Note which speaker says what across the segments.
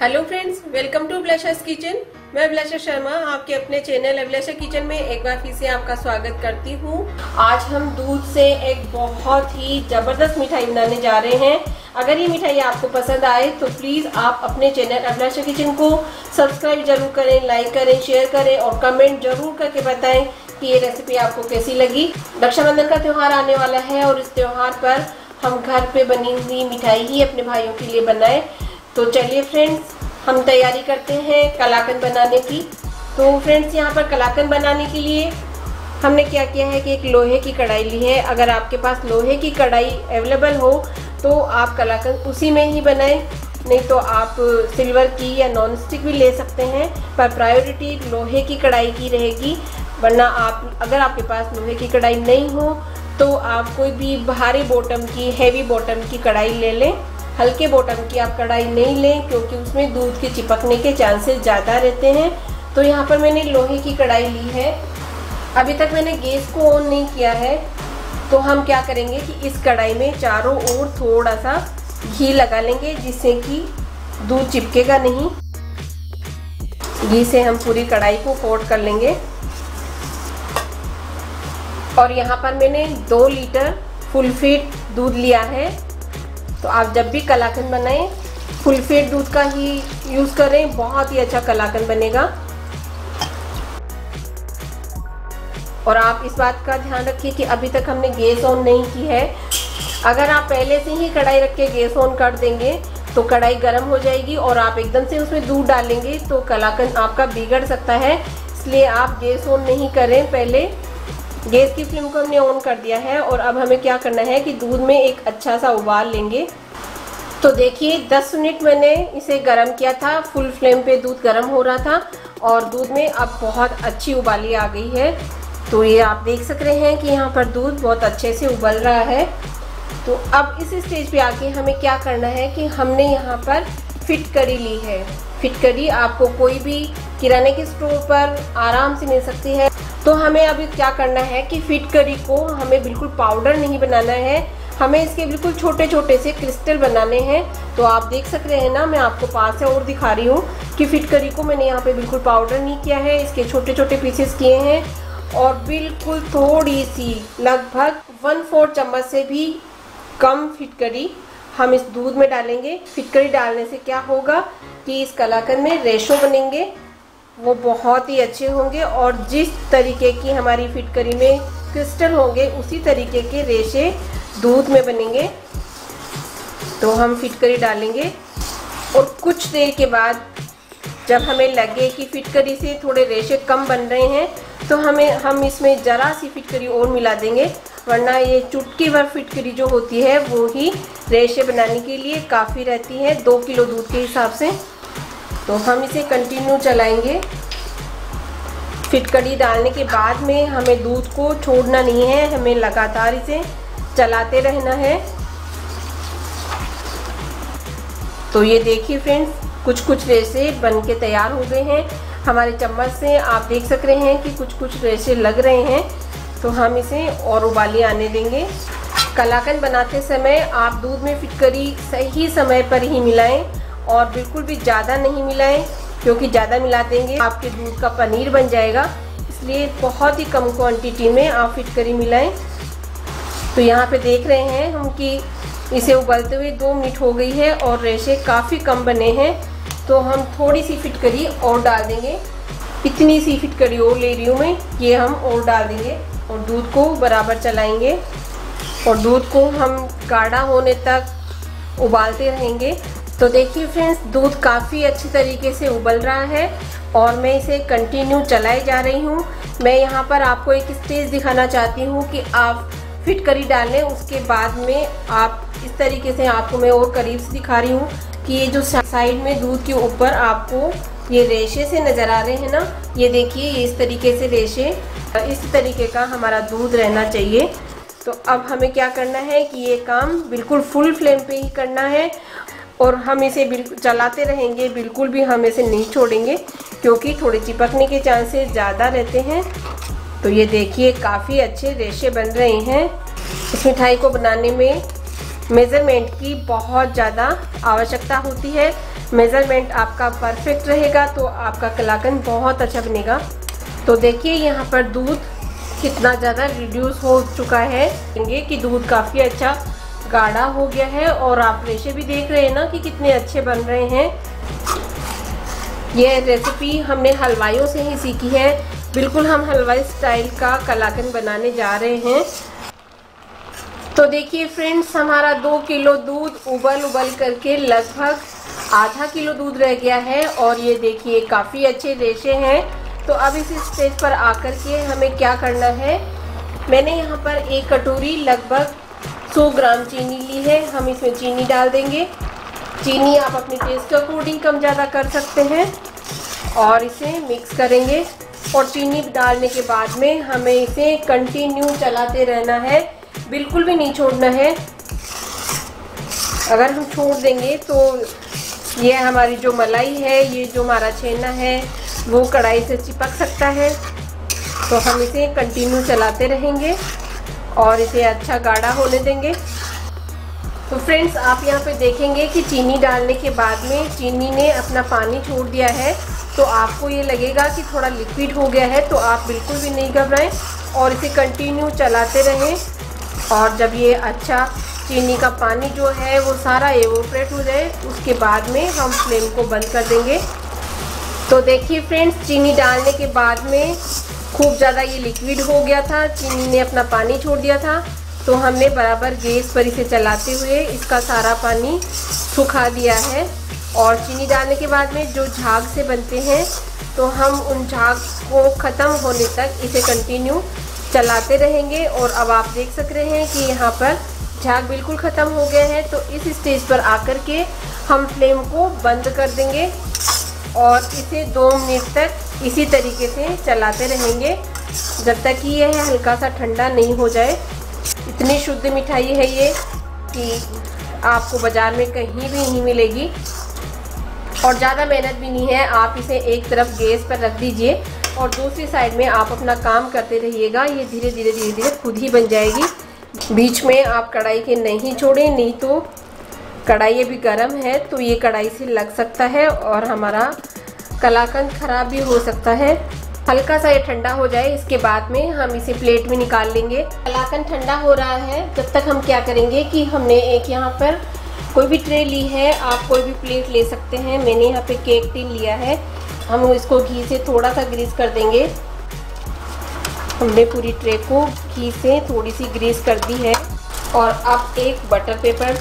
Speaker 1: hello friends welcome to ब्लशर्स kitchen मैं ब्लशर शर्मा आपके अपने चैनल ब्लशर किचन में एक बार फिर से आपका स्वागत करती हूँ आज हम दूध से एक बहुत ही जबरदस्त मिठाई बनाने जा रहे हैं अगर ये मिठाई आपको पसंद आए तो प्लीज़ आप अपने चैनल अभिलाषा किचन को सब्सक्राइब जरूर करें लाइक करें शेयर करें और कमेंट जरूर करके बताएं कि ये रेसिपी आपको कैसी लगी रक्षाबंधन का त्यौहार आने वाला है और इस त्यौहार पर हम घर पे बनी हुई मिठाई ही अपने भाइयों के लिए बनाएं तो चलिए फ्रेंड्स हम तैयारी करते हैं कलाकंद बनाने की तो फ्रेंड्स यहाँ पर कलाकंद बनाने के लिए हमने क्या किया है कि एक लोहे की कढ़ाई ली है अगर आपके पास लोहे की कढ़ाई अवेलेबल हो तो आप कलाकंद उसी में ही बनाएं नहीं तो आप सिल्वर की या नॉन स्टिक भी ले सकते हैं पर प्रायोरिटी लोहे की कढ़ाई की रहेगी वरना आप अगर आपके पास लोहे की कढ़ाई नहीं हो तो आप कोई भी भारी बॉटम की हैवी बॉटम की कढ़ाई ले लें हल्के बॉटम की आप कढ़ाई नहीं लें क्योंकि उसमें दूध के चिपकने के चांसेस ज़्यादा रहते हैं तो यहाँ पर मैंने लोहे की कढ़ाई ली है अभी तक मैंने गैस को ऑन नहीं किया है तो हम क्या करेंगे कि इस कढ़ाई में चारों ओर थोड़ा सा घी लगा लेंगे जिससे कि दूध चिपकेगा नहीं घी से हम पूरी कढ़ाई को कोट कर लेंगे और यहाँ पर मैंने दो लीटर फुल फीट दूध लिया है तो आप जब भी कलाकंद बनाएं फुल फेट दूध का ही यूज़ करें बहुत ही अच्छा कलाकंद बनेगा और आप इस बात का ध्यान रखिए कि अभी तक हमने गैस ऑन नहीं की है अगर आप पहले से ही कढ़ाई रख के गैस ऑन कर देंगे तो कढ़ाई गर्म हो जाएगी और आप एकदम से उसमें दूध डालेंगे तो कलाकंद आपका बिगड़ सकता है इसलिए आप गैस ऑन नहीं करें पहले गैस की फ्लेम को हमने ऑन कर दिया है और अब हमें क्या करना है कि दूध में एक अच्छा सा उबाल लेंगे तो देखिए 10 मिनट मैंने इसे गर्म किया था फुल फ्लेम पे दूध गर्म हो रहा था और दूध में अब बहुत अच्छी उबाली आ गई है तो ये आप देख सक रहे हैं कि यहाँ पर दूध बहुत अच्छे से उबल रहा है तो अब इस स्टेज पे आके हमें क्या करना है कि हमने यहाँ पर फिट करी ली है फिट करी आपको कोई भी किराने के स्टोर पर आराम से मिल सकती है तो हमें अभी क्या करना है कि फिट करी को हमें बिल्कुल पाउडर नहीं बनाना है हमें इसके बिल्कुल छोटे छोटे से क्रिस्टल बनाने हैं तो आप देख सकते हैं ना मैं आपको पास से और दिखा रही हूँ कि फिट करी को मैंने यहाँ पे बिल्कुल पाउडर नहीं किया है इसके छोटे छोटे पीसेस किए हैं और बिल्कुल थोड़ी सी लगभग वन फोर चम्मच से भी कम करी हम इस दूध में डालेंगे फिटकरी डालने से क्या होगा कि इस कलाकंद में रेशो बनेंगे वो बहुत ही अच्छे होंगे और जिस तरीके की हमारी फिटकरी में क्रिस्टल होंगे उसी तरीके के रेशे दूध में बनेंगे तो हम फिटकरी डालेंगे और कुछ देर के बाद जब हमें लगे कि फिटकरी से थोड़े रेशे कम बन रहे हैं तो हमें हम इसमें ज़रा सी फिटकरी और मिला देंगे वरना ये चुटकी भर फिटकरी जो होती है वो ही रेशे बनाने के लिए काफ़ी रहती है दो किलो दूध के हिसाब से तो हम इसे कंटिन्यू चलाएंगे फिटकड़ी डालने के बाद में हमें दूध को छोड़ना नहीं है हमें लगातार इसे चलाते रहना है तो ये देखिए फ्रेंड्स कुछ कुछ रेसे बन के तैयार हो गए हैं हमारे चम्मच से आप देख सक रहे हैं कि कुछ कुछ रेसे लग रहे हैं तो हम इसे और उबाले आने देंगे कलाकंद बनाते समय आप दूध में फिटकरी सही समय पर ही मिलाएं और बिल्कुल भी ज़्यादा नहीं मिलाएं क्योंकि ज़्यादा मिला देंगे आपके दूध का पनीर बन जाएगा इसलिए बहुत ही कम क्वांटिटी में आप फिटकरी मिलाएं तो यहाँ पे देख रहे हैं हम कि इसे उबलते हुए दो मिनट हो गई है और रेशे काफ़ी कम बने हैं तो हम थोड़ी सी फिटकरी और डाल देंगे इतनी सी फिटकरी और ले रही हूँ मैं ये हम और डाल देंगे और दूध को बराबर चलाएंगे और दूध को हम गाढ़ा होने तक उबालते रहेंगे तो देखिए फ्रेंड्स दूध काफ़ी अच्छी तरीके से उबल रहा है और मैं इसे कंटिन्यू चलाई जा रही हूँ मैं यहाँ पर आपको एक स्टेज दिखाना चाहती हूँ कि आप फिट करी डालें उसके बाद में आप इस तरीके से आपको मैं और करीब से दिखा रही हूँ कि ये जो साइड में दूध के ऊपर आपको ये रेशे से नज़र आ रहे हैं ना ये देखिए ये इस तरीके से रेशे इस तरीके का हमारा दूध रहना चाहिए तो अब हमें क्या करना है कि ये काम बिल्कुल फुल फ्लेम पे ही करना है और हम इसे बिल्कुल चलाते रहेंगे बिल्कुल भी हम इसे नहीं छोड़ेंगे क्योंकि थोड़े चिपकने के चांसेस ज़्यादा रहते हैं तो ये देखिए काफ़ी अच्छे रेशे बन रहे हैं इस मिठाई को बनाने में मेज़रमेंट की बहुत ज़्यादा आवश्यकता होती है मेज़रमेंट आपका परफेक्ट रहेगा तो आपका कलाकन बहुत अच्छा बनेगा तो देखिए यहाँ पर दूध कितना ज़्यादा रिड्यूस हो चुका है कि दूध काफ़ी अच्छा गाढ़ा हो गया है और आप रेशे भी देख रहे हैं ना कि कितने अच्छे बन रहे हैं यह रेसिपी हमने हलवाइयों से ही सीखी है बिल्कुल हम हलवाई स्टाइल का कलाकंद बनाने जा रहे हैं तो देखिए फ्रेंड्स हमारा दो किलो दूध उबल उबल करके लगभग आधा किलो दूध रह गया है और ये देखिए काफ़ी अच्छे रेशे हैं तो अब इस स्टेज पर आकर के हमें क्या करना है मैंने यहाँ पर एक कटोरी लगभग 100 ग्राम चीनी ली है हम इसमें चीनी डाल देंगे चीनी आप अपने टेस्ट के अकॉर्डिंग कम ज़्यादा कर सकते हैं और इसे मिक्स करेंगे और चीनी डालने के बाद में हमें इसे कंटिन्यू चलाते रहना है बिल्कुल भी नहीं छोड़ना है अगर हम छोड़ देंगे तो ये हमारी जो मलाई है ये जो हमारा छेना है वो कढ़ाई से चिपक सकता है तो हम इसे कंटिन्यू चलाते रहेंगे और इसे अच्छा गाढ़ा होने देंगे तो फ्रेंड्स आप यहाँ पे देखेंगे कि चीनी डालने के बाद में चीनी ने अपना पानी छोड़ दिया है तो आपको ये लगेगा कि थोड़ा लिक्विड हो गया है तो आप बिल्कुल भी नहीं घबराएं और इसे कंटिन्यू चलाते रहें और जब ये अच्छा चीनी का पानी जो है वो सारा एवोपरेट हो जाए उसके बाद में हम फ्लेम को बंद कर देंगे तो देखिए फ्रेंड्स चीनी डालने के बाद में खूब ज़्यादा ये लिक्विड हो गया था चीनी ने अपना पानी छोड़ दिया था तो हमने बराबर गैस पर इसे चलाते हुए इसका सारा पानी सुखा दिया है और चीनी डालने के बाद में जो झाग से बनते हैं तो हम उन झाग को ख़त्म होने तक इसे कंटिन्यू चलाते रहेंगे और अब आप देख सक रहे हैं कि यहाँ पर झाग बिल्कुल ख़त्म हो गया है तो इस स्टेज पर आकर के हम फ्लेम को बंद कर देंगे और इसे दो मिनट तक इसी तरीके से चलाते रहेंगे जब तक कि यह हल्का सा ठंडा नहीं हो जाए इतनी शुद्ध मिठाई है ये कि आपको बाज़ार में कहीं भी नहीं मिलेगी और ज़्यादा मेहनत भी नहीं है आप इसे एक तरफ गैस पर रख दीजिए और दूसरी साइड में आप अपना काम करते रहिएगा ये धीरे धीरे धीरे धीरे खुद ही बन जाएगी बीच में आप कढ़ाई के नहीं छोड़ें नहीं तो कढ़ाई अभी गर्म है तो ये कढ़ाई से लग सकता है और हमारा कलाकंद ख़राब भी हो सकता है हल्का सा ये ठंडा हो जाए इसके बाद में हम इसे प्लेट में निकाल लेंगे कलाकंद ठंडा हो रहा है जब तक हम क्या करेंगे कि हमने एक यहाँ पर कोई भी ट्रे ली है आप कोई भी प्लेट ले सकते हैं मैंने यहाँ पे केक टिन लिया है हम इसको घी से थोड़ा सा ग्रीस कर देंगे हमने पूरी ट्रे को घी से थोड़ी सी ग्रीस कर दी है और अब एक बटर पेपर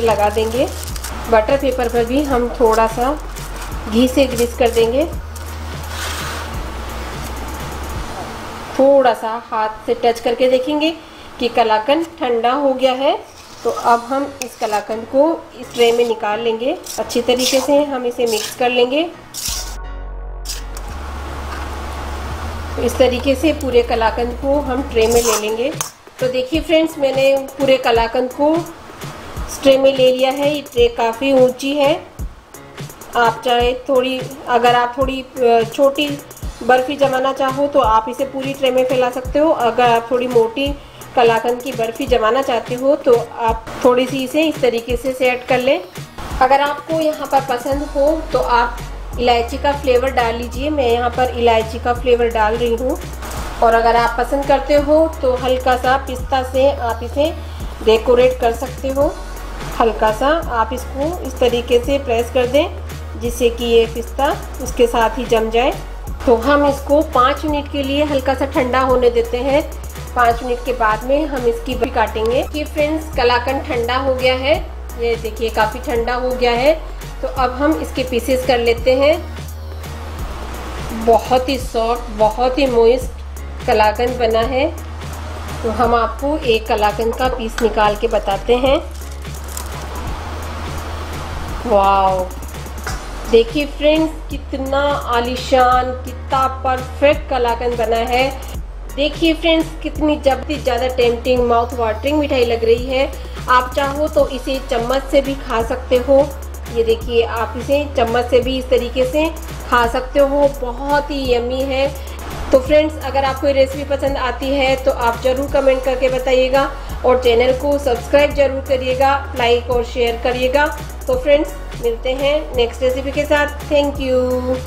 Speaker 1: पे लगा देंगे बटर पेपर पर भी हम थोड़ा सा घी से ग्रीस कर देंगे थोड़ा सा हाथ से टच करके देखेंगे कि कलाकंद ठंडा हो गया है तो अब हम इस कलाकंद को इस ट्रे में निकाल लेंगे अच्छी तरीके से हम इसे मिक्स कर लेंगे तो इस तरीके से पूरे कलाकंद को हम ट्रे में ले लेंगे तो देखिए फ्रेंड्स मैंने पूरे कलाकंद को इस ट्रे में ले लिया है ये ट्रे काफ़ी ऊंची है आप चाहे थोड़ी अगर आप थोड़ी छोटी बर्फ़ी जमाना चाहो तो आप इसे पूरी ट्रे में फैला सकते हो अगर आप थोड़ी मोटी कलाकंद की बर्फ़ी जमाना चाहते हो तो आप थोड़ी सी इसे इस तरीके से सेट कर लें अगर आपको यहाँ पर पसंद हो तो आप इलायची का फ्लेवर डाल लीजिए मैं यहाँ पर इलायची का फ्लेवर डाल रही हूँ और अगर आप पसंद करते हो तो हल्का सा पिस्ता से आप इसे डेकोरेट कर सकते हो हल्का सा आप इसको इस तरीके से प्रेस कर दें जिससे कि ये पिस्ता उसके साथ ही जम जाए तो हम इसको पाँच मिनट के लिए हल्का सा ठंडा होने देते हैं पाँच मिनट के बाद में हम इसकी भी काटेंगे कि फ्रेंड्स कलाकंद ठंडा हो गया है ये देखिए काफ़ी ठंडा हो गया है तो अब हम इसके पीसेस कर लेते हैं बहुत ही सॉफ्ट बहुत ही मोइस्ट कलाकंद बना है तो हम आपको एक कलाकंद का पीस निकाल के बताते हैं वाओ देखिए फ्रेंड्स कितना आलिशान कितना परफेक्ट कलाकंद बना है देखिए फ्रेंड्स कितनी जबकि ज़्यादा टेम्पटिंग माउथ वाटरिंग मिठाई लग रही है आप चाहो तो इसे चम्मच से भी खा सकते हो ये देखिए आप इसे चम्मच से भी इस तरीके से खा सकते हो बहुत ही यमी है तो फ्रेंड्स अगर आपको ये रेसिपी पसंद आती है तो आप ज़रूर कमेंट करके बताइएगा और चैनल को सब्सक्राइब जरूर करिएगा लाइक और शेयर करिएगा तो फ्रेंड्स मिलते हैं नेक्स्ट रेसिपी के साथ थैंक यू